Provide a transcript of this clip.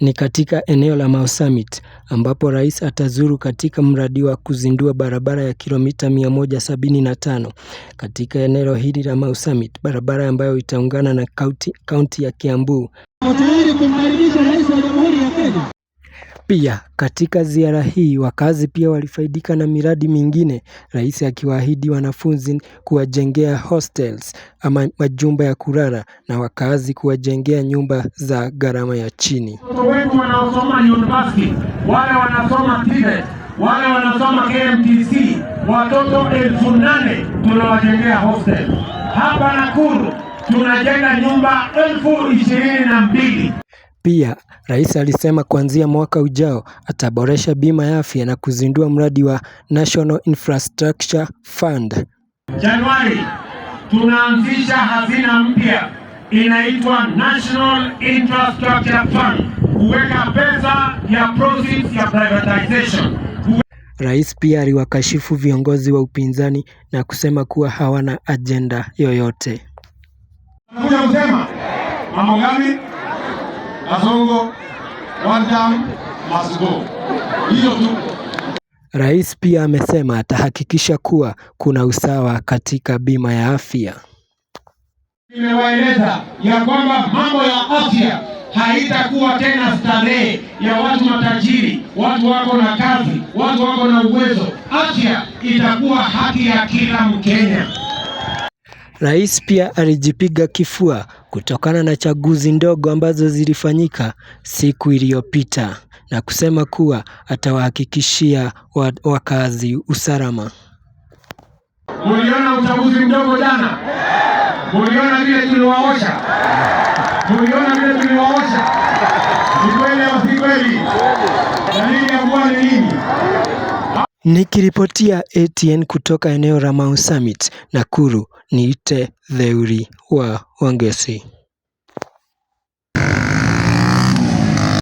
Ni katika eneo la Mau Summit ambapo rais atazuru katika mradi wa kuzindua barabara ya kilomita tano katika eneo hili la Mau Summit, barabara ambayo itaungana na kaunti ya Kiambu. Pia katika ziara hii wakazi pia walifaidika na miradi mingine, Rais akiwaahidi wanafunzi kuwajengea hostels ama majumba ya kulala na wakazi kuwajengea nyumba za gharama ya chini. Watoto wanaosoma university, wale wanasoma TVET, wale wanasoma KMTC, watoto elfu nane tunawajengea hostel. Hapa Nakuru tunajenga nyumba elfu ishirini na mbili. Pia, Rais alisema kuanzia mwaka ujao ataboresha bima ya afya na kuzindua mradi wa National Infrastructure Fund. Januari tunaanzisha hazina mpya inaitwa National Infrastructure Fund kuweka pesa ya proceeds ya privatization. Rais pia aliwakashifu viongozi wa upinzani na kusema kuwa hawana ajenda yoyote. Unakuja kusema mambo gani? Kasongo one time must go. Hiyo tu. Rais pia amesema atahakikisha kuwa kuna usawa katika bima ya afya. Nimewaeleza ya kwamba mambo ya afya haitakuwa tena starehe ya watu matajiri, watu wako na kazi, watu wako na uwezo. Afya itakuwa haki ya kila Mkenya. Rais pia alijipiga kifua kutokana na chaguzi ndogo ambazo zilifanyika siku iliyopita na kusema kuwa atawahakikishia wakazi usalama. Muliona uchaguzi mdogo jana, muliona vile tuliwaosha, muliona vile tuliwaosha. Ni kweli au si kweli? Nikiripotia ATN kutoka eneo la Mau Summit, Nakuru, niite Theuri wa Wangeci.